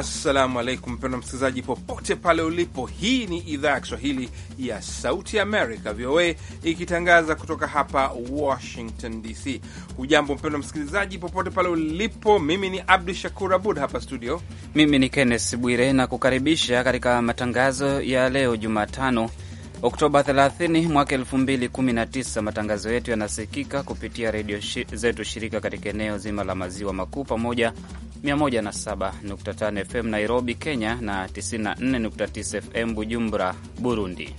Assalamu alaikum, mpendwa msikilizaji popote pale ulipo. Hii ni idhaa ya Kiswahili ya Sauti Amerika, VOA, ikitangaza kutoka hapa Washington DC. Hujambo mpendwa msikilizaji popote pale ulipo. Mimi ni Abdu Shakur Abud hapa studio. Mimi ni Kennes Bwire na kukaribisha katika matangazo ya leo Jumatano Oktoba 30 mwaka 2019. Matangazo yetu yanasikika kupitia redio zetu shirika katika eneo zima la maziwa makuu pamoja 107.5 FM Nairobi, Kenya na 94.9 FM Bujumbura, Burundi.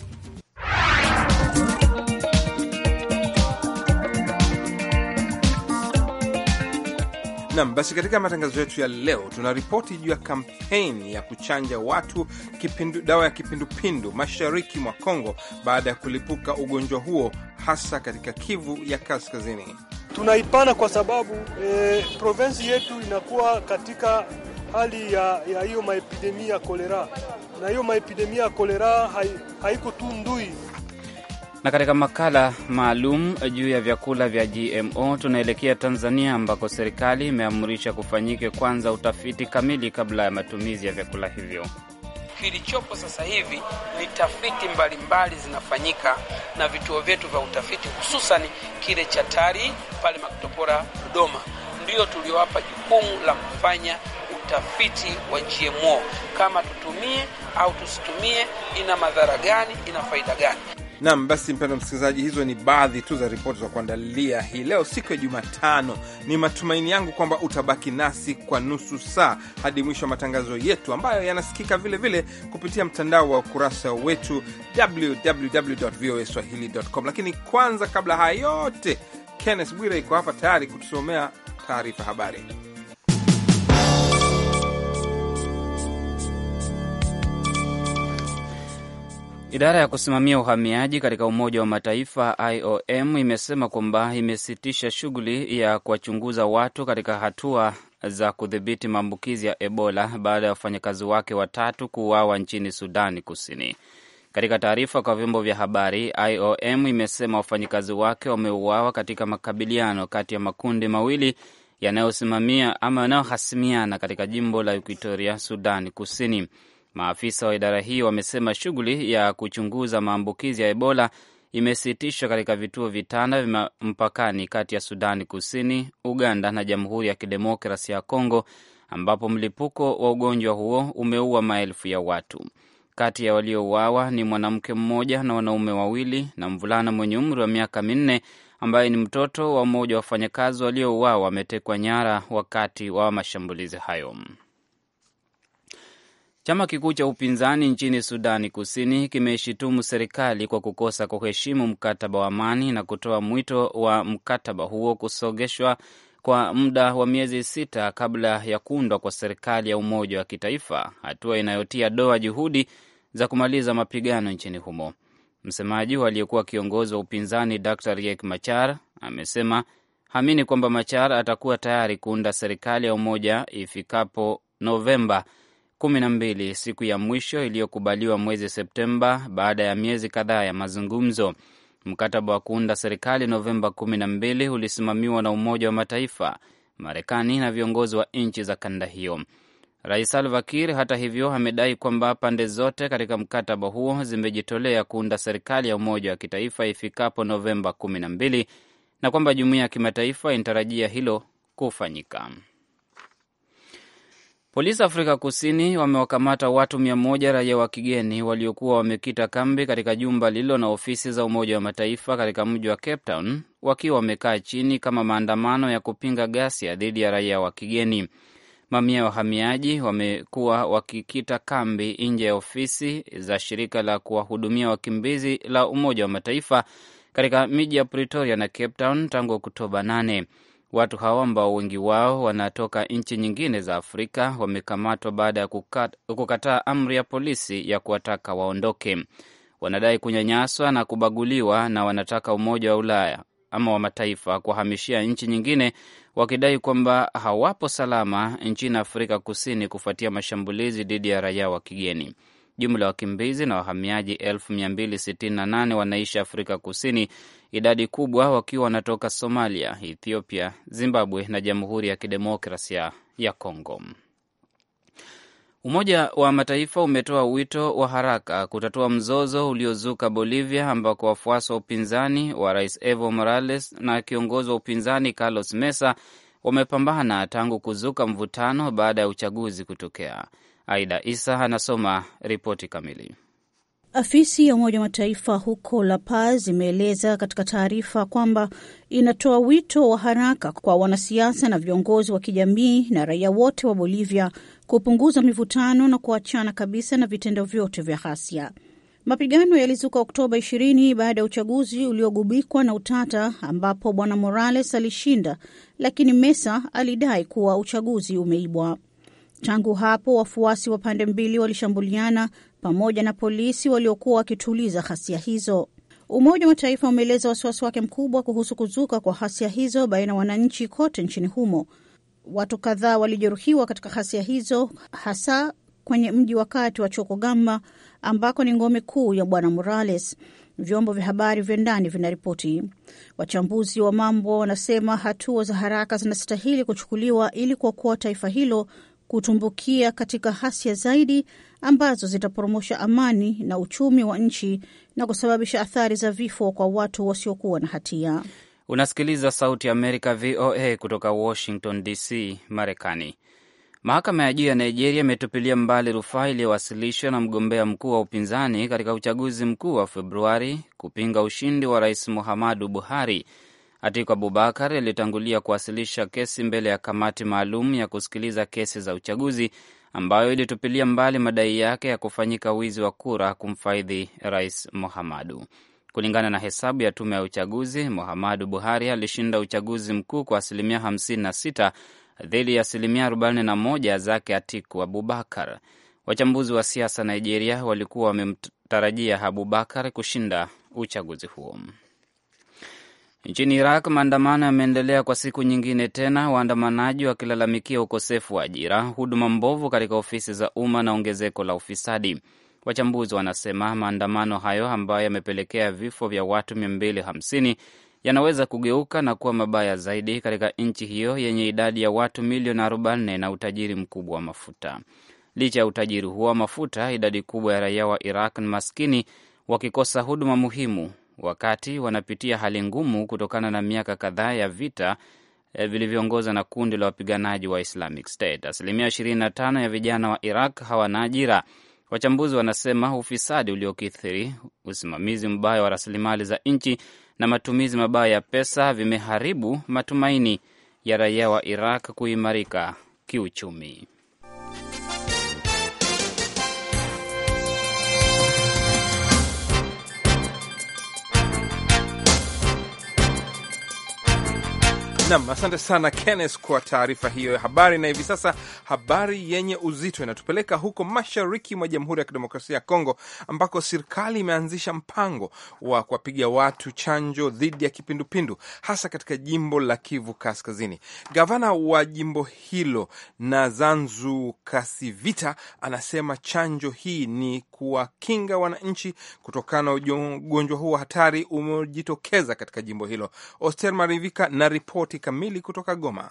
Nam basi, katika matangazo yetu ya leo tuna ripoti juu ya kampeni ya kuchanja watu kipindu, dawa ya kipindupindu mashariki mwa Kongo baada ya kulipuka ugonjwa huo hasa katika Kivu ya Kaskazini. Tunaipana kwa sababu e, eh, provensi yetu inakuwa katika hali ya hiyo maepidemia ya kolera, na hiyo maepidemia ya kolera haiko tu ndui na katika makala maalum juu ya vyakula vya GMO tunaelekea Tanzania, ambako serikali imeamrisha kufanyike kwanza utafiti kamili kabla ya matumizi ya vyakula hivyo. Kilichopo sasa hivi ni tafiti mbalimbali zinafanyika na vituo vyetu vya utafiti, hususan kile cha TARI pale Makutopora, Dodoma, ndiyo tuliowapa jukumu la kufanya utafiti wa GMO, kama tutumie au tusitumie, ina madhara gani, ina faida gani. Nam, basi mpendwa msikilizaji, hizo ni baadhi tu za ripoti za kuandalia hii leo, siku ya Jumatano. Ni matumaini yangu kwamba utabaki nasi kwa nusu saa hadi mwisho wa matangazo yetu ambayo yanasikika vilevile kupitia mtandao wa ukurasa wetu voa swahilicom. Lakini kwanza, kabla haya yote, Kenneth Bwire iko hapa tayari kutusomea taarifa habari. Idara ya kusimamia uhamiaji katika Umoja wa Mataifa IOM imesema kwamba imesitisha shughuli ya kuwachunguza watu katika hatua za kudhibiti maambukizi ya Ebola baada ya wafanyakazi wake watatu kuuawa nchini Sudani Kusini. Katika taarifa kwa vyombo vya habari, IOM imesema wafanyakazi wake wameuawa katika makabiliano kati ya makundi mawili yanayosimamia ama yanayohasimiana katika jimbo la Equatoria, Sudani Kusini. Maafisa wa idara hii wamesema shughuli ya kuchunguza maambukizi ya Ebola imesitishwa katika vituo vitano vya mpakani kati ya Sudani Kusini, Uganda na Jamhuri ya Kidemokrasi ya Kongo, ambapo mlipuko wa ugonjwa huo umeua maelfu ya watu. Kati ya waliouawa ni mwanamke mmoja na wanaume wawili na mvulana mwenye umri wa miaka minne ambaye ni mtoto wa mmoja wa wafanyakazi waliouawa ametekwa nyara wakati wa mashambulizi hayo. Chama kikuu cha upinzani nchini Sudani Kusini kimeshitumu serikali kwa kukosa kuheshimu mkataba wa amani na kutoa mwito wa mkataba huo kusogeshwa kwa muda wa miezi sita kabla ya kuundwa kwa serikali ya umoja wa kitaifa, hatua inayotia doa juhudi za kumaliza mapigano nchini humo. Msemaji aliyekuwa kiongozi wa upinzani Dr Riek Machar amesema hamini kwamba Machar atakuwa tayari kuunda serikali ya umoja ifikapo Novemba kumi na mbili, siku ya mwisho iliyokubaliwa mwezi Septemba baada ya miezi kadhaa ya mazungumzo. Mkataba wa kuunda serikali Novemba kumi na mbili ulisimamiwa na Umoja wa Mataifa, Marekani na viongozi wa nchi za kanda hiyo. Rais Salva Kiir hata hivyo amedai kwamba pande zote katika mkataba huo zimejitolea kuunda serikali ya umoja wa kitaifa ifikapo Novemba kumi na mbili na kwamba jumuiya ya kimataifa inatarajia hilo kufanyika. Polisi Afrika Kusini wamewakamata watu mia moja raia wa kigeni waliokuwa wamekita kambi katika jumba lililo na ofisi za Umoja wa Mataifa katika mji wa Cape Town wakiwa wamekaa chini kama maandamano ya kupinga ghasia dhidi ya raia wa kigeni. Mamia ya wahamiaji wamekuwa wakikita kambi nje ya ofisi za shirika la kuwahudumia wakimbizi la Umoja wa Mataifa katika miji ya Pretoria na Cape Town tangu Oktoba 8. Watu hao ambao wengi wao wanatoka nchi nyingine za Afrika wamekamatwa baada ya kukataa amri ya polisi ya kuwataka waondoke. Wanadai kunyanyaswa na kubaguliwa na wanataka Umoja wa Ulaya ama wa Mataifa kuwahamishia nchi nyingine, wakidai kwamba hawapo salama nchini Afrika Kusini kufuatia mashambulizi dhidi ya raia wa kigeni. Jumla ya wakimbizi na wahamiaji 268 wanaishi Afrika Kusini, idadi kubwa wakiwa wanatoka Somalia, Ethiopia, Zimbabwe na Jamhuri ya Kidemokrasia ya congo Umoja wa Mataifa umetoa wito wa haraka kutatua mzozo uliozuka Bolivia, ambako wafuasi wa upinzani wa rais Evo Morales na kiongozi wa upinzani Carlos Mesa wamepambana tangu kuzuka mvutano baada ya uchaguzi kutokea. Aida Isa anasoma ripoti kamili. Afisi ya Umoja wa Mataifa huko La Paz imeeleza katika taarifa kwamba inatoa wito wa haraka kwa wanasiasa na viongozi wa kijamii na raia wote wa Bolivia kupunguza mivutano na kuachana kabisa na vitendo vyote vya ghasia. Mapigano yalizuka Oktoba 20 baada ya uchaguzi uliogubikwa na utata ambapo bwana Morales alishinda, lakini Mesa alidai kuwa uchaguzi umeibwa. Tangu hapo wafuasi wa pande mbili walishambuliana pamoja na polisi waliokuwa wakituliza ghasia hizo. Umoja wa Mataifa umeeleza wasiwasi wake mkubwa kuhusu kuzuka kwa ghasia hizo baina ya wananchi kote nchini humo. Watu kadhaa walijeruhiwa katika ghasia hizo, hasa kwenye mji wa kati wa Chokogamba ambako ni ngome kuu ya Bwana Morales. Vyombo vya habari vya ndani vinaripoti. Wachambuzi wa mambo wanasema hatua za haraka zinastahili kuchukuliwa ili kuokoa taifa hilo kutumbukia katika hasia zaidi ambazo zitaporomosha amani na uchumi wa nchi na kusababisha athari za vifo kwa watu wasiokuwa na hatia. Unasikiliza Sauti ya Amerika, VOA, kutoka Washington DC, Marekani. Mahakama ya juu ya Nigeria imetupilia mbali rufaa iliyowasilishwa na mgombea mkuu wa upinzani katika uchaguzi mkuu wa Februari kupinga ushindi wa Rais Muhammadu Buhari Atiku Abubakar alitangulia kuwasilisha kesi mbele ya kamati maalum ya kusikiliza kesi za uchaguzi ambayo ilitupilia mbali madai yake ya kufanyika wizi wa kura kumfaidhi Rais Muhamadu. Kulingana na hesabu ya tume ya uchaguzi, Muhamadu Buhari alishinda uchaguzi mkuu kwa asilimia 56 dhidi ya asilimia 41 zake Atiku Abubakar. Wachambuzi wa siasa Nigeria walikuwa wamemtarajia Abubakar kushinda uchaguzi huo. Nchini Iraq maandamano yameendelea kwa siku nyingine tena, waandamanaji wakilalamikia ukosefu wa ajira, huduma mbovu katika ofisi za umma na ongezeko la ufisadi. Wachambuzi wanasema maandamano hayo ambayo yamepelekea vifo vya watu 250 yanaweza kugeuka na kuwa mabaya zaidi katika nchi hiyo yenye idadi ya watu milioni 40 na utajiri mkubwa wa mafuta. Licha ya utajiri huo wa mafuta, idadi kubwa ya raia wa Iraq ni maskini, wakikosa huduma muhimu, wakati wanapitia hali ngumu kutokana na miaka kadhaa ya vita eh, vilivyoongoza na kundi la wapiganaji wa Islamic State. Asilimia 25 ya vijana wa Iraq hawana ajira. Wachambuzi wanasema ufisadi uliokithiri, usimamizi mbaya wa rasilimali za nchi na matumizi mabaya ya pesa vimeharibu matumaini ya raia wa Iraq kuimarika kiuchumi. Nam, asante sana Kenneth kwa taarifa hiyo ya habari. Na hivi sasa habari yenye uzito inatupeleka huko mashariki mwa Jamhuri ya Kidemokrasia ya Kongo, ambako serikali imeanzisha mpango wa kuwapiga watu chanjo dhidi ya kipindupindu, hasa katika jimbo la Kivu Kaskazini. Gavana wa jimbo hilo na zanzu Kasivita anasema chanjo hii ni kuwakinga wananchi kutokana na ugonjwa huo hatari umeojitokeza katika jimbo hilo. Oster Marivika na ripoti kamili kutoka Goma.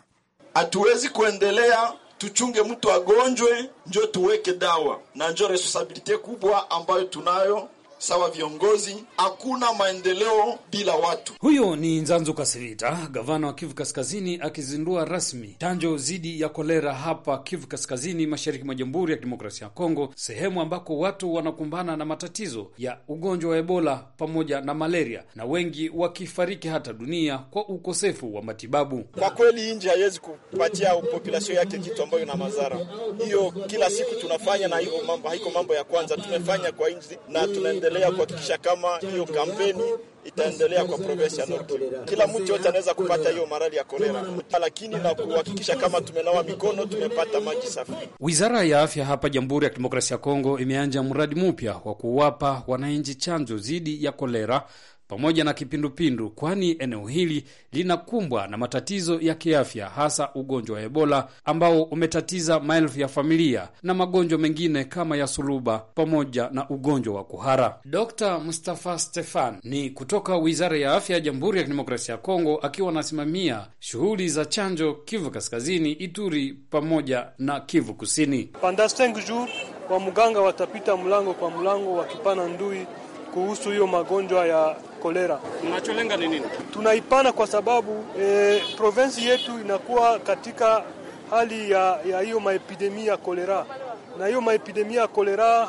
Hatuwezi kuendelea tuchunge mtu agonjwe njo tuweke dawa na njo responsabilite kubwa ambayo tunayo sawa viongozi. Hakuna maendeleo bila watu. Huyo ni Nzanzu Kasirita, gavana wa Kivu Kaskazini, akizindua rasmi chanjo dhidi ya kolera hapa Kivu Kaskazini, mashariki mwa Jamhuri ya Kidemokrasia ya Kongo, sehemu ambako watu wanakumbana na matatizo ya ugonjwa wa Ebola pamoja na malaria, na wengi wakifariki hata dunia kwa ukosefu wa matibabu. Kwa kweli, nji haiwezi kupatia populasio yake kitu ambayo ina madhara hiyo. Kila siku tunafanya na hivyo mambo, haiko mambo ya kwanza tumefanya kwa nji na tunaendelea tutaendelea kuhakikisha kama hiyo kampeni itaendelea kwa provinsi ya Nord Kivu. Kila mtu yote anaweza kupata hiyo marali ya kolera, lakini na kuhakikisha kama tumenawa mikono, tumepata maji safi. Wizara ya afya hapa Jamhuri ya Kidemokrasia ya Kongo imeanja mradi mpya wa kuwapa wananchi chanjo dhidi ya kolera pamoja na kipindupindu, kwani eneo hili linakumbwa na matatizo ya kiafya, hasa ugonjwa wa Ebola ambao umetatiza maelfu ya familia na magonjwa mengine kama ya suluba pamoja na ugonjwa wa kuhara. Dr. Mustafa Stefan ni kutoka Wizara ya Afya ya Jamhuri ya Kidemokrasia ya Kongo, akiwa anasimamia shughuli za chanjo Kivu Kaskazini, Ituri pamoja na Kivu Kusini. Pandastengju wa mganga watapita mlango kwa mlango wakipana ndui kuhusu hiyo magonjwa ya kolera. Tunacholenga ni nini? Tunaipana kwa sababu e, eh, provensi yetu inakuwa katika hali ya hiyo maepidemia ya kolera, na hiyo maepidemia ya kolera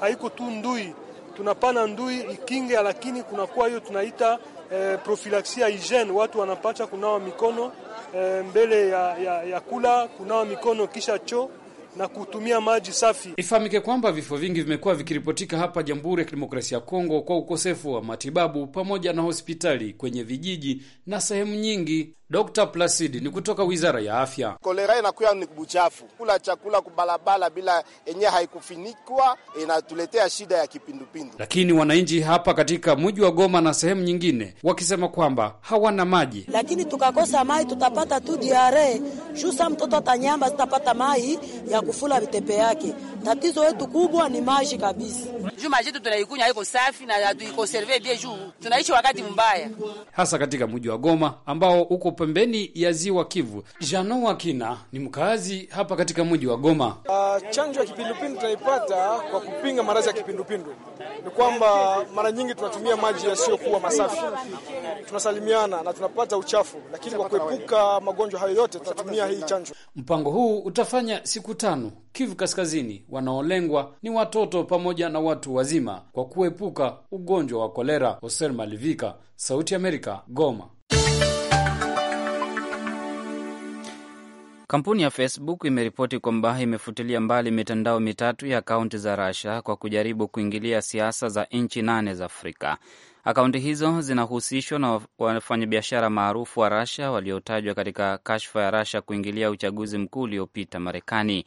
haiko tu ndui, tunapana ndui ikinge, lakini kunakuwa hiyo tunaita e, eh, profilaksia hygiene, watu wanapacha kunawa mikono e, mbele ya, ya, ya kula kunawa mikono kisha choo na kutumia maji safi. Ifahamike kwamba vifo vingi vimekuwa vikiripotika hapa Jamhuri ya Kidemokrasia ya Kongo kwa ukosefu wa matibabu pamoja na hospitali kwenye vijiji na sehemu nyingi Dr. Placid ni kutoka Wizara ya Afya. Kolera inakuya ni buchafu, kula chakula kubalabala bila enye haikufinikwa inatuletea shida ya kipindupindu. Lakini wananchi hapa katika mji wa Goma na sehemu nyingine wakisema kwamba hawana maji. Lakini tukakosa maji tutapata tu diare. Shusa mtoto atanyamba sitapata maji ya kufula vitepe yake. Tatizo letu kubwa ni maji kabisa. Juu maji yetu tunaikunywa haiko safi na hatuikonserve bien juu tunaishi wakati mbaya. Hasa katika mji wa Goma ambao uko pembeni ya ziwa Kivu. Jano Wakina ni mkaazi hapa katika mji wa Goma. Uh, chanjo ya kipindupindu tunaipata kwa kupinga maradhi ya kipindupindu ni kwamba mara nyingi tunatumia maji yasiyokuwa masafi, tunasalimiana na tunapata uchafu, lakini kwa kuepuka magonjwa hayo yote tunatumia hii chanjo. Mpango huu utafanya siku tano Kivu Kaskazini. Wanaolengwa ni watoto pamoja na watu wazima kwa kuepuka ugonjwa wa kolera. Hoser Malivika, Sauti Amerika, Goma. Kampuni ya Facebook imeripoti kwamba imefutilia mbali mitandao mitatu ya akaunti za Russia kwa kujaribu kuingilia siasa za nchi nane za Afrika. Akaunti hizo zinahusishwa na wafanyabiashara maarufu wa Russia waliotajwa katika kashfa ya Russia kuingilia uchaguzi mkuu uliopita Marekani.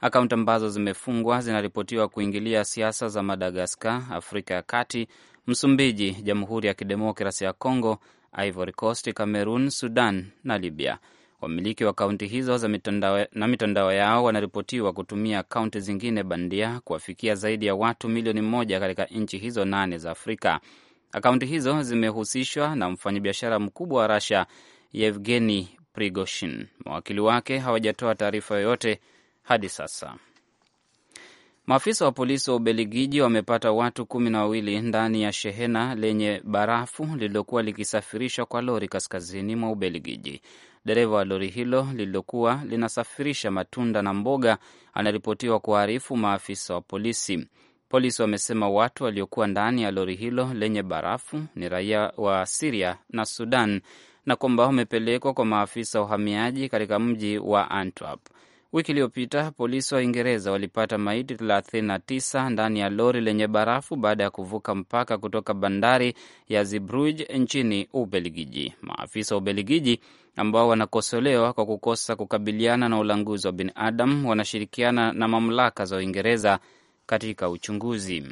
Akaunti ambazo zimefungwa zinaripotiwa kuingilia siasa za Madagaskar, Afrika ya Kati, Msumbiji, Jamhuri ya Kidemokrasi ya congo Ivory Coast, Cameroon, Sudan na Libya. Wamiliki wa kaunti hizo za mitandao na mitandao yao wanaripotiwa kutumia akaunti zingine bandia kuwafikia zaidi ya watu milioni moja katika nchi hizo nane za Afrika. Akaunti hizo zimehusishwa na mfanyabiashara mkubwa wa rasha Yevgeni Prigoshin. Mawakili wake hawajatoa taarifa yoyote hadi sasa. Maafisa wa polisi wa Ubeligiji wamepata watu kumi na wawili ndani ya shehena lenye barafu lililokuwa likisafirishwa kwa lori kaskazini mwa Ubeligiji. Dereva wa lori hilo lililokuwa linasafirisha matunda na mboga anaripotiwa kuharifu maafisa wa polisi. Polisi wamesema watu waliokuwa ndani ya lori hilo lenye barafu ni raia wa Siria na Sudan na kwamba wamepelekwa kwa maafisa wa uhamiaji katika mji wa Antwerp. Wiki iliyopita polisi wa Uingereza walipata maiti 39 ndani ya lori lenye barafu baada ya kuvuka mpaka kutoka bandari ya Zeebrugge nchini Ubelgiji. Maafisa wa Ubelgiji ambao wanakosolewa kwa kukosa kukabiliana na ulanguzi wa binadamu wanashirikiana na mamlaka za Uingereza katika uchunguzi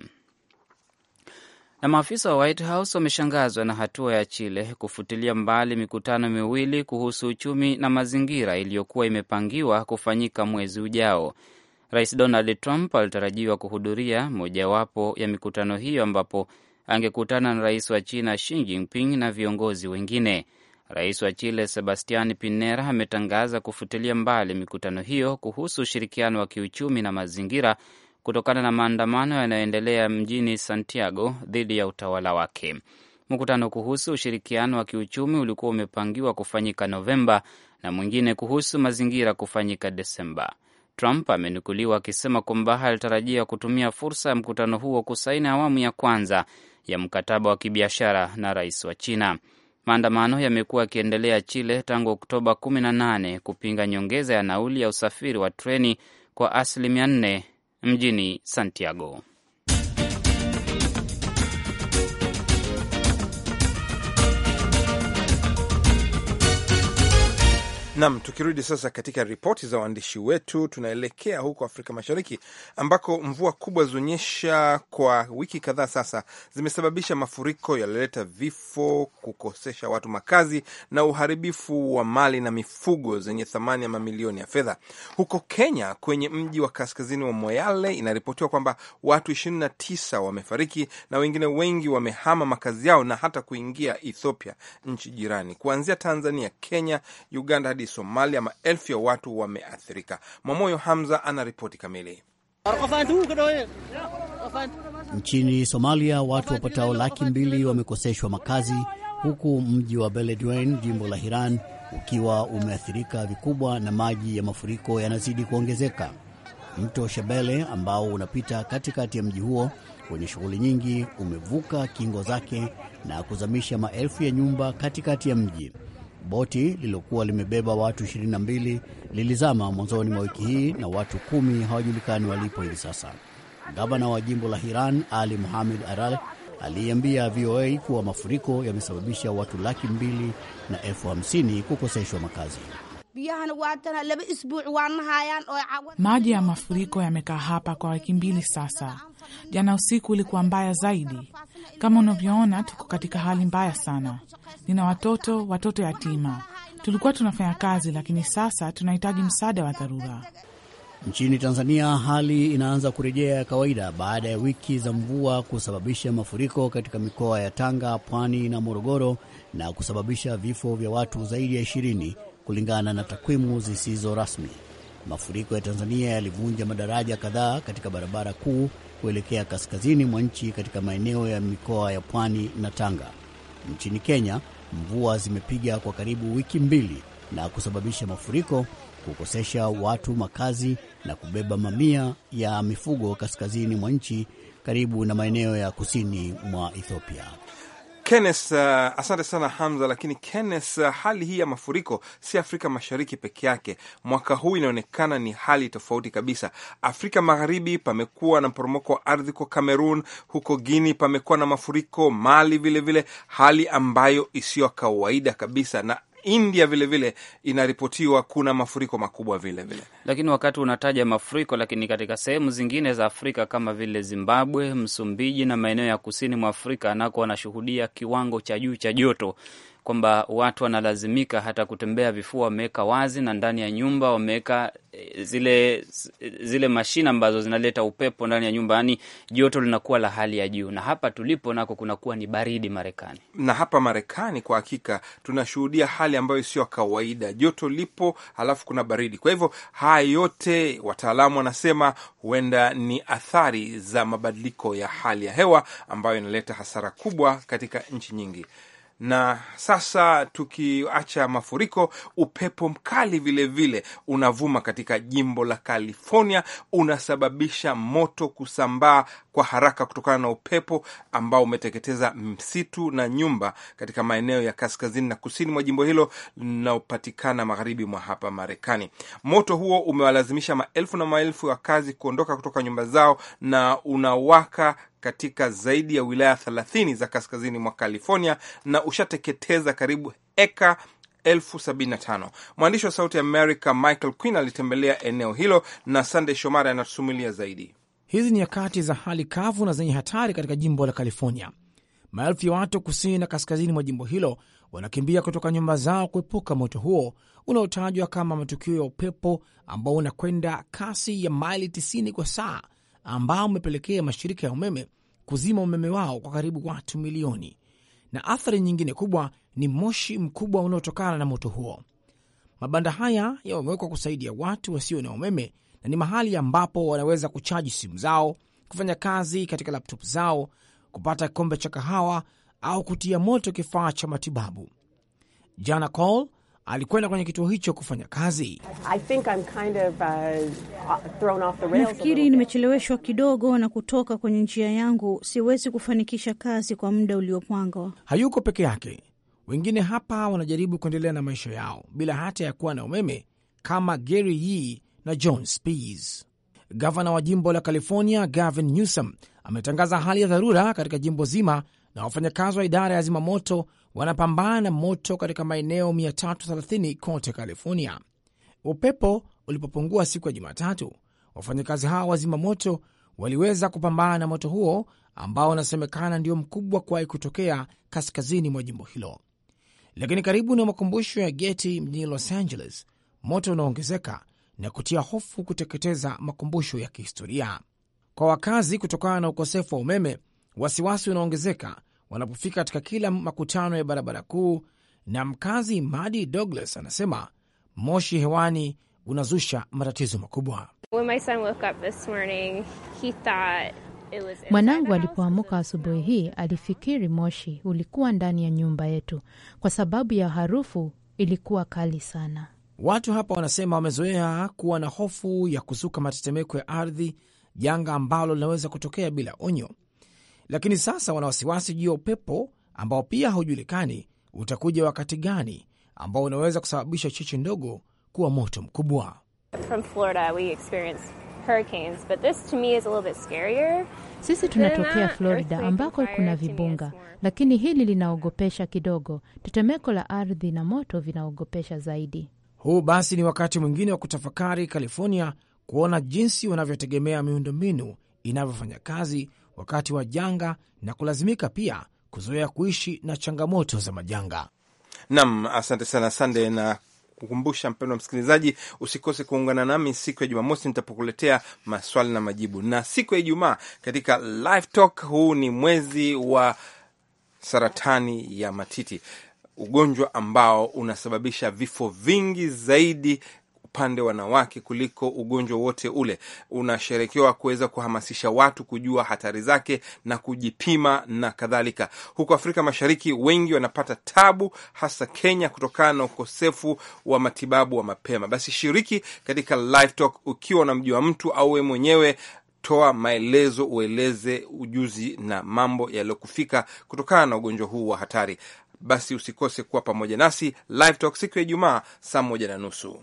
na maafisa wa White House wameshangazwa na hatua ya Chile kufutilia mbali mikutano miwili kuhusu uchumi na mazingira iliyokuwa imepangiwa kufanyika mwezi ujao. Rais Donald Trump alitarajiwa kuhudhuria mojawapo ya mikutano hiyo ambapo angekutana na rais wa China Xi Jinping na viongozi wengine. Rais wa Chile Sebastian Pinera ametangaza kufutilia mbali mikutano hiyo kuhusu ushirikiano wa kiuchumi na mazingira kutokana na maandamano yanayoendelea mjini Santiago dhidi ya utawala wake. Mkutano kuhusu ushirikiano wa kiuchumi ulikuwa umepangiwa kufanyika Novemba na mwingine kuhusu mazingira kufanyika Desemba. Trump amenukuliwa akisema kwamba alitarajia kutumia fursa ya mkutano huo kusaini awamu ya kwanza ya mkataba wa kibiashara na rais wa China. Maandamano yamekuwa yakiendelea Chile tangu Oktoba 18 kupinga nyongeza ya nauli ya usafiri wa treni kwa asilimia 4 mjini Santiago. Nam, tukirudi sasa katika ripoti za waandishi wetu, tunaelekea huko Afrika Mashariki ambako mvua kubwa zionyesha kwa wiki kadhaa sasa zimesababisha mafuriko yaliyoleta vifo, kukosesha watu makazi na uharibifu wa mali na mifugo zenye thamani ya mamilioni ya fedha. Huko Kenya, kwenye mji wa kaskazini wa Moyale, inaripotiwa kwamba watu 29 wamefariki na wengine wengi wamehama makazi yao na hata kuingia Ethiopia, nchi jirani. Kuanzia Tanzania, Kenya, Uganda hadi Somalia maelfu ya watu wameathirika. Mwamoyo Hamza ana ripoti kamili. Nchini Somalia watu wapatao laki mbili wamekoseshwa makazi huku mji wa Beledweyne jimbo la Hiran ukiwa umeathirika vikubwa na maji ya mafuriko yanazidi kuongezeka. Mto Shebele ambao unapita katikati ya mji huo wenye shughuli nyingi umevuka kingo zake na kuzamisha maelfu ya nyumba katikati ya mji. Boti lililokuwa limebeba watu 22 lilizama mwanzoni mwa wiki hii na watu kumi hawajulikani walipo hivi sasa. Gavana wa jimbo la Hiran Ali Muhamed Aral aliiambia VOA kuwa mafuriko yamesababisha watu laki mbili na elfu hamsini kukoseshwa makazi. Maji ya mafuriko yamekaa hapa kwa wiki mbili sasa. Jana usiku ulikuwa mbaya zaidi, kama unavyoona, tuko katika hali mbaya sana. Nina watoto watoto yatima. Tulikuwa tunafanya kazi, lakini sasa tunahitaji msaada wa dharura. Nchini Tanzania hali inaanza kurejea ya kawaida baada ya wiki za mvua kusababisha mafuriko katika mikoa ya Tanga, Pwani na Morogoro na kusababisha vifo vya watu zaidi ya ishirini kulingana na takwimu zisizo rasmi. Mafuriko ya Tanzania yalivunja madaraja kadhaa katika barabara kuu kuelekea kaskazini mwa nchi katika maeneo ya mikoa ya Pwani na Tanga. Nchini Kenya, mvua zimepiga kwa karibu wiki mbili na kusababisha mafuriko, kukosesha watu makazi na kubeba mamia ya mifugo kaskazini mwa nchi karibu na maeneo ya kusini mwa Ethiopia. Kenneth, uh, asante sana Hamza. Lakini Kenneth, uh, hali hii ya mafuriko si Afrika Mashariki peke yake. Mwaka huu inaonekana ni hali tofauti kabisa. Afrika Magharibi pamekuwa na mporomoko wa ardhi kwa Cameroon, huko Guinea pamekuwa na mafuriko, Mali vilevile vile, hali ambayo isiyo kawaida kabisa, na India vilevile inaripotiwa kuna mafuriko makubwa vilevile vile. Lakini wakati unataja mafuriko, lakini katika sehemu zingine za Afrika kama vile Zimbabwe, Msumbiji na maeneo ya kusini mwa Afrika nako wanashuhudia kiwango cha juu cha joto kwamba watu wanalazimika hata kutembea, vifua wameweka wazi, na ndani ya nyumba wameweka eh, zile zile mashine ambazo zinaleta upepo ndani ya nyumba, yani joto linakuwa la hali ya juu, na hapa tulipo nako kunakuwa ni baridi Marekani. Na hapa Marekani kwa hakika tunashuhudia hali ambayo sio kawaida, joto lipo halafu kuna baridi. Kwa hivyo haya yote wataalamu wanasema huenda ni athari za mabadiliko ya hali ya hewa ambayo inaleta hasara kubwa katika nchi nyingi na sasa tukiacha mafuriko, upepo mkali vilevile vile unavuma katika jimbo la California, unasababisha moto kusambaa kwa haraka kutokana na upepo ambao umeteketeza msitu na nyumba katika maeneo ya kaskazini na kusini mwa jimbo hilo linalopatikana magharibi mwa hapa Marekani. Moto huo umewalazimisha maelfu na maelfu ya wakazi kuondoka kutoka nyumba zao na unawaka katika zaidi ya wilaya 30 za kaskazini mwa California na ushateketeza karibu eka elfu sabini na tano. Mwandishi wa Sauti ya America Michael Quinn alitembelea eneo hilo na Sandey Shomari anatusimulia zaidi. Hizi ni nyakati za hali kavu na zenye hatari katika jimbo la California. Maelfu ya watu kusini na kaskazini mwa jimbo hilo wanakimbia kutoka nyumba zao kuepuka moto huo unaotajwa kama matukio ya upepo ambao unakwenda kasi ya maili 90 kwa saa ambao umepelekea mashirika ya umeme kuzima umeme wao kwa karibu watu milioni. Na athari nyingine kubwa ni moshi mkubwa unaotokana na moto huo. Mabanda haya yamewekwa kusaidia watu wasio na umeme na ni mahali ambapo wanaweza kuchaji simu zao, kufanya kazi katika laptop zao, kupata kikombe cha kahawa au kutia moto kifaa cha matibabu. Jana Cole alikwenda kwenye kituo hicho kufanya kazi. kind of, uh, nafikiri nimecheleweshwa kidogo na kutoka kwenye njia yangu, siwezi kufanikisha kazi kwa muda uliopangwa. Hayuko peke yake, wengine hapa wanajaribu kuendelea na maisha yao bila hata ya kuwa na umeme kama Gary Yee na John Spies. Gavana wa jimbo la California Gavin Newsom ametangaza hali ya dharura katika jimbo zima, na wafanyakazi wa idara ya zimamoto wanapambana na moto katika maeneo 330 kote California. Upepo ulipopungua siku ya Jumatatu, wafanyakazi hao wazima moto waliweza kupambana na moto huo ambao unasemekana ndio mkubwa kuwahi kutokea kaskazini mwa jimbo hilo. Lakini karibu na makumbusho ya Getty mjini Los Angeles, moto unaongezeka na kutia hofu kuteketeza makumbusho ya kihistoria. Kwa wakazi, kutokana na ukosefu wa umeme, wasiwasi unaongezeka wanapofika katika kila makutano ya barabara kuu. Na mkazi Madi Douglas anasema moshi hewani unazusha matatizo makubwa. Mwanangu alipoamka asubuhi hii alifikiri moshi ulikuwa ndani ya nyumba yetu kwa sababu ya harufu ilikuwa kali sana. Watu hapa wanasema wamezoea kuwa na hofu ya kuzuka matetemeko ya ardhi, janga ambalo linaweza kutokea bila onyo lakini sasa wana wasiwasi juu ya upepo ambao pia haujulikani utakuja wakati gani, ambao unaweza kusababisha cheche ndogo kuwa moto mkubwa. Sisi tunatokea Florida ambako kuna vibunga, lakini hili linaogopesha kidogo. Tetemeko la ardhi na moto vinaogopesha zaidi. Huu basi ni wakati mwingine wa kutafakari California, kuona jinsi wanavyotegemea miundombinu inavyofanya kazi wakati wa janga na kulazimika pia kuzoea kuishi na changamoto za majanga. Nam, asante sana Sande na kukumbusha mpendo wa msikilizaji, usikose kuungana nami siku ya Jumamosi nitapokuletea maswali na majibu, na siku ya Ijumaa katika Live Talk. Huu ni mwezi wa saratani ya matiti, ugonjwa ambao unasababisha vifo vingi zaidi upande wanawake kuliko ugonjwa wote ule. Unasherekewa kuweza kuhamasisha watu kujua hatari zake na kujipima na kadhalika. Huko Afrika Mashariki wengi wanapata tabu, hasa Kenya, kutokana na ukosefu wa matibabu wa mapema. Basi shiriki katika live talk ukiwa unamjua mtu au we mwenyewe Toa maelezo, ueleze ujuzi na mambo yaliyokufika kutokana na ugonjwa huu wa hatari. Basi usikose kuwa pamoja nasi Live Talk siku ya Ijumaa saa moja na nusu.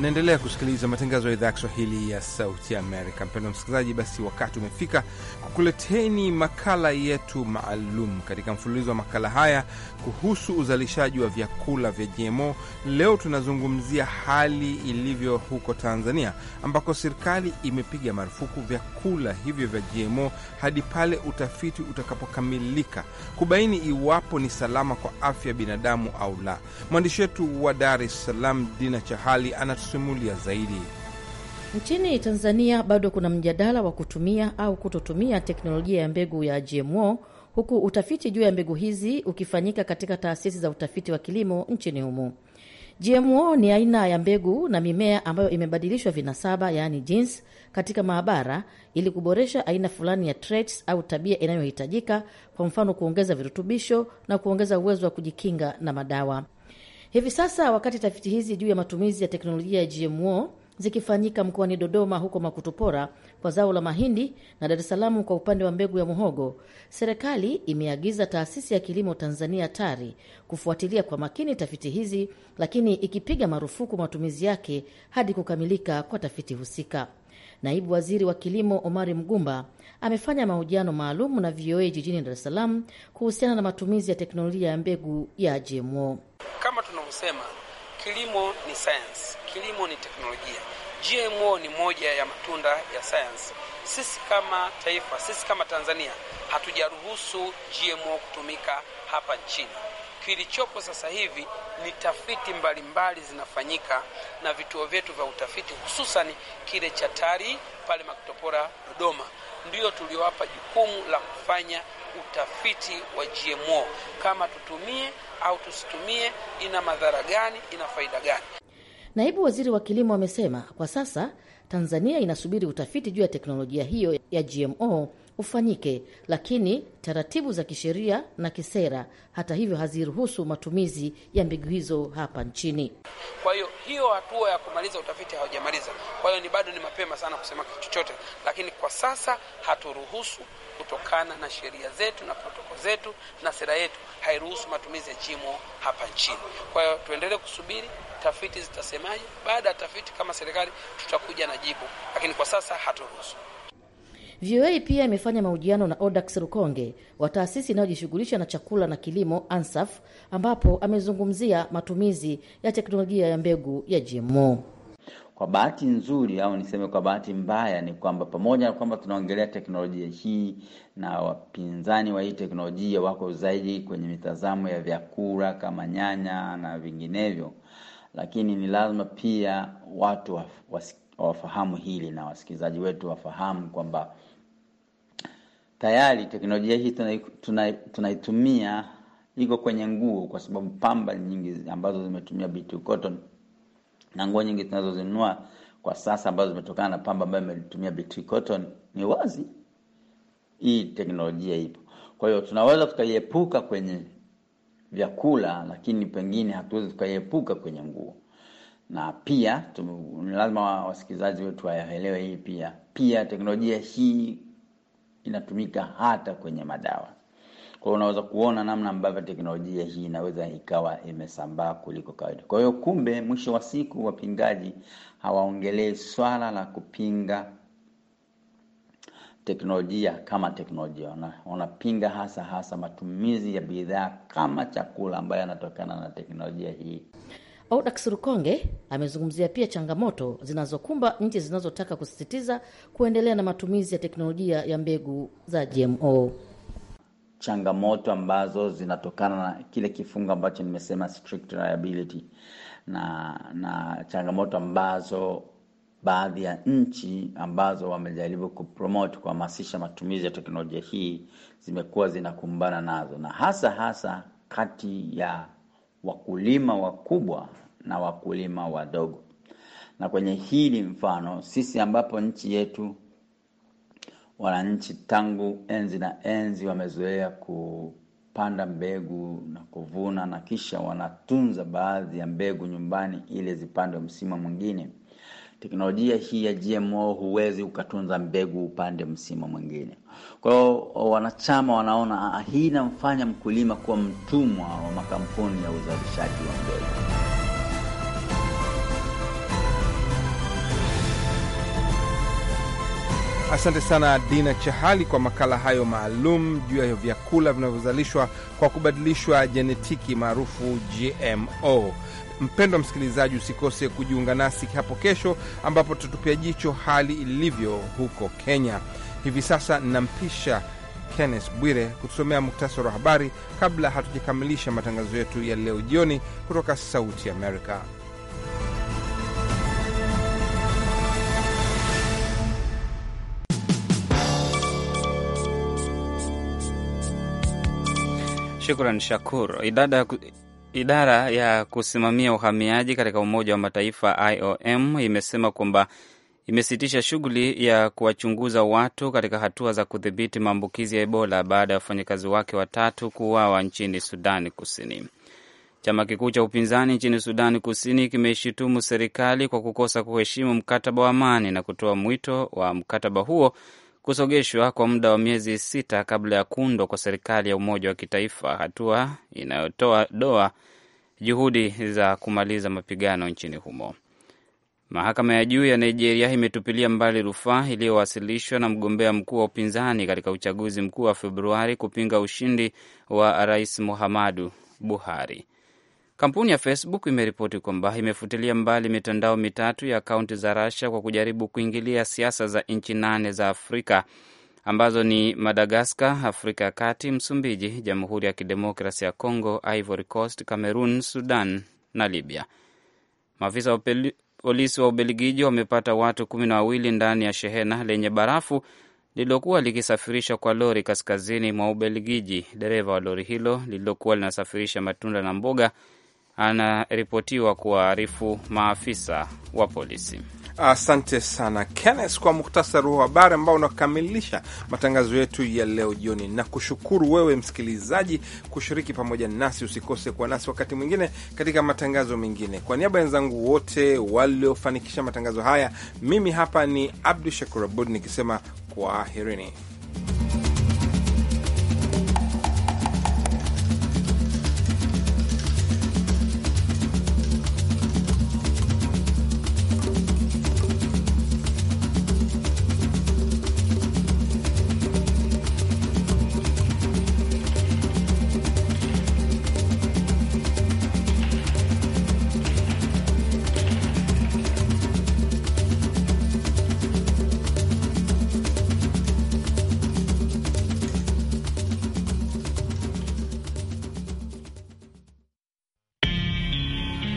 Naendelea kusikiliza matangazo ya idhaa ya Kiswahili ya Sauti Amerika. Mpendwa msikilizaji, basi wakati umefika kukuleteni makala yetu maalum katika mfululizo wa makala haya kuhusu uzalishaji wa vyakula vya GMO. Leo tunazungumzia hali ilivyo huko Tanzania, ambako serikali imepiga marufuku vyakula hivyo vya GMO hadi pale utafiti utakapokamilika kubaini iwapo ni salama kwa afya ya binadamu au la. Mwandishi wetu wa Dar es Salaam, Dina Chahali, anatu kusimulia zaidi. Nchini Tanzania bado kuna mjadala wa kutumia au kutotumia teknolojia ya mbegu ya GMO huku utafiti juu ya mbegu hizi ukifanyika katika taasisi za utafiti wa kilimo nchini humo. GMO ni aina ya mbegu na mimea ambayo imebadilishwa vinasaba, yaani genes, katika maabara ili kuboresha aina fulani ya traits au tabia inayohitajika, kwa mfano kuongeza virutubisho na kuongeza uwezo wa kujikinga na madawa. Hivi sasa wakati tafiti hizi juu ya matumizi ya teknolojia ya GMO zikifanyika mkoani Dodoma huko Makutupora kwa zao la mahindi na Dar es Salaam kwa upande wa mbegu ya muhogo, serikali imeagiza taasisi ya kilimo Tanzania TARI kufuatilia kwa makini tafiti hizi, lakini ikipiga marufuku matumizi yake hadi kukamilika kwa tafiti husika. Naibu Waziri wa Kilimo Omari Mgumba amefanya mahojiano maalum na VOA jijini Dar es Salaam kuhusiana na matumizi ya teknolojia ya mbegu ya GMO tunavyosema, kilimo ni science, kilimo ni teknolojia. GMO ni moja ya matunda ya science. Sisi kama taifa, sisi kama Tanzania hatujaruhusu GMO kutumika hapa nchini. Kilichopo sasa hivi ni tafiti mbalimbali zinafanyika na vituo vyetu vya utafiti, hususan kile cha TARI pale Makutopora Dodoma, ndio tuliowapa jukumu la kufanya utafiti wa GMO, kama tutumie au tusitumie, ina madhara gani, ina faida gani? Naibu waziri wa kilimo amesema kwa sasa Tanzania inasubiri utafiti juu ya teknolojia hiyo ya GMO ufanyike, lakini taratibu za kisheria na kisera, hata hivyo, haziruhusu matumizi ya mbegu hizo hapa nchini. Kwa hiyo hiyo hatua ya kumaliza utafiti hawajamaliza, kwa hiyo ni bado ni mapema sana kusema kitu chochote, lakini kwa sasa haturuhusu kutokana na sheria zetu na protoko zetu na sera yetu hairuhusu matumizi ya GMO hapa nchini. Kwa hiyo tuendelee kusubiri tafiti zitasemaje. Baada ya tafiti, kama serikali, tutakuja na jibu, lakini kwa sasa haturuhusu. VOA pia imefanya mahojiano na Odax Rukonge wa taasisi inayojishughulisha na chakula na kilimo ANSAF, ambapo amezungumzia matumizi ya teknolojia ya mbegu ya GMO. Kwa bahati nzuri au niseme kwa bahati mbaya ni kwamba pamoja na kwamba tunaongelea teknolojia hii na wapinzani wa hii teknolojia wako zaidi kwenye mitazamo ya vyakula kama nyanya na vinginevyo, lakini ni lazima pia watu wafahamu hili na wasikilizaji wetu wafahamu kwamba tayari teknolojia hii tunaitumia, iko kwenye nguo, kwa sababu pamba nyingi ambazo zimetumia b cotton na nguo nyingi tunazozinunua kwa sasa ambazo zimetokana na pamba ambayo imetumia BT cotton, ni wazi hii teknolojia ipo. Kwa hiyo tunaweza tukaiepuka kwenye vyakula, lakini pengine hatuwezi tukaiepuka kwenye nguo. Na pia ni lazima wasikilizaji wetu waelewe hii pia. Pia teknolojia hii inatumika hata kwenye madawa. Kwa unaweza kuona namna ambavyo teknolojia hii inaweza ikawa imesambaa kuliko kawaida. Kwa hiyo, kumbe mwisho wa siku wapingaji hawaongelei swala la kupinga teknolojia kama teknolojia, wanapinga hasa hasa matumizi ya bidhaa kama chakula ambayo yanatokana na teknolojia hii. Audax Rukonge amezungumzia pia changamoto zinazokumba nchi zinazotaka kusisitiza kuendelea na matumizi ya teknolojia ya mbegu za GMO changamoto ambazo zinatokana na kile kifungo ambacho nimesema strict liability, na na changamoto ambazo baadhi ya nchi ambazo wamejaribu kupromote kuhamasisha matumizi ya teknolojia hii zimekuwa zinakumbana nazo, na hasa hasa kati ya wakulima wakubwa na wakulima wadogo. Na kwenye hili mfano sisi, ambapo nchi yetu wananchi tangu enzi na enzi wamezoea kupanda mbegu na kuvuna na kisha wanatunza baadhi ya mbegu nyumbani ili zipandwe msimu mwingine. Teknolojia hii ya GMO huwezi ukatunza mbegu upande msimu mwingine. Kwa hiyo wanachama wanaona ah, hii inamfanya mkulima kuwa mtumwa wa makampuni ya uzalishaji wa mbegu. Asante sana Dina Chahali kwa makala hayo maalum juu ya vyakula vinavyozalishwa kwa kubadilishwa jenetiki maarufu GMO. Mpendwa msikilizaji, usikose kujiunga nasi hapo kesho, ambapo tutatupia jicho hali ilivyo huko Kenya. Hivi sasa nampisha Kenneth Bwire kutusomea muktasari wa habari kabla hatujakamilisha matangazo yetu ya leo jioni kutoka Sauti Amerika. Shukran Shakur. Idada, idara ya kusimamia uhamiaji katika Umoja wa Mataifa IOM imesema kwamba imesitisha shughuli ya kuwachunguza watu katika hatua za kudhibiti maambukizi ya Ebola baada ya wafanyakazi wake watatu kuuawa nchini Sudani Kusini. Chama kikuu cha upinzani nchini Sudani Kusini kimeshitumu serikali kwa kukosa kuheshimu mkataba wa amani na kutoa mwito wa mkataba huo kusogeshwa kwa muda wa miezi sita kabla ya kuundwa kwa serikali ya umoja wa kitaifa, hatua inayotoa doa juhudi za kumaliza mapigano nchini humo. Mahakama ya juu ya Nigeria imetupilia mbali rufaa iliyowasilishwa na mgombea mkuu wa upinzani katika uchaguzi mkuu wa Februari kupinga ushindi wa rais Muhammadu Buhari. Kampuni ya Facebook imeripoti kwamba imefutilia mbali mitandao mitatu ya akaunti za Russia kwa kujaribu kuingilia siasa za nchi nane za Afrika ambazo ni Madagaskar, Afrika ya Kati, Msumbiji, Jamhuri ya Kidemokrasi ya Congo, Ivory Coast, Cameroon, Sudan na Libya. Maafisa wa polisi wa Ubelgiji wamepata watu kumi na wawili ndani ya shehena lenye barafu lililokuwa likisafirishwa kwa lori kaskazini mwa Ubelgiji. Dereva wa lori hilo lililokuwa linasafirisha matunda na mboga anaripotiwa kuwaarifu maafisa wa polisi. Asante sana Kennes kwa muhtasari wa habari ambao unakamilisha matangazo yetu ya leo jioni, na kushukuru wewe msikilizaji kushiriki pamoja nasi. Usikose kuwa nasi wakati mwingine katika matangazo mengine. Kwa niaba ya wenzangu wote waliofanikisha matangazo haya, mimi hapa ni Abdu Shakur Abud nikisema kwaherini.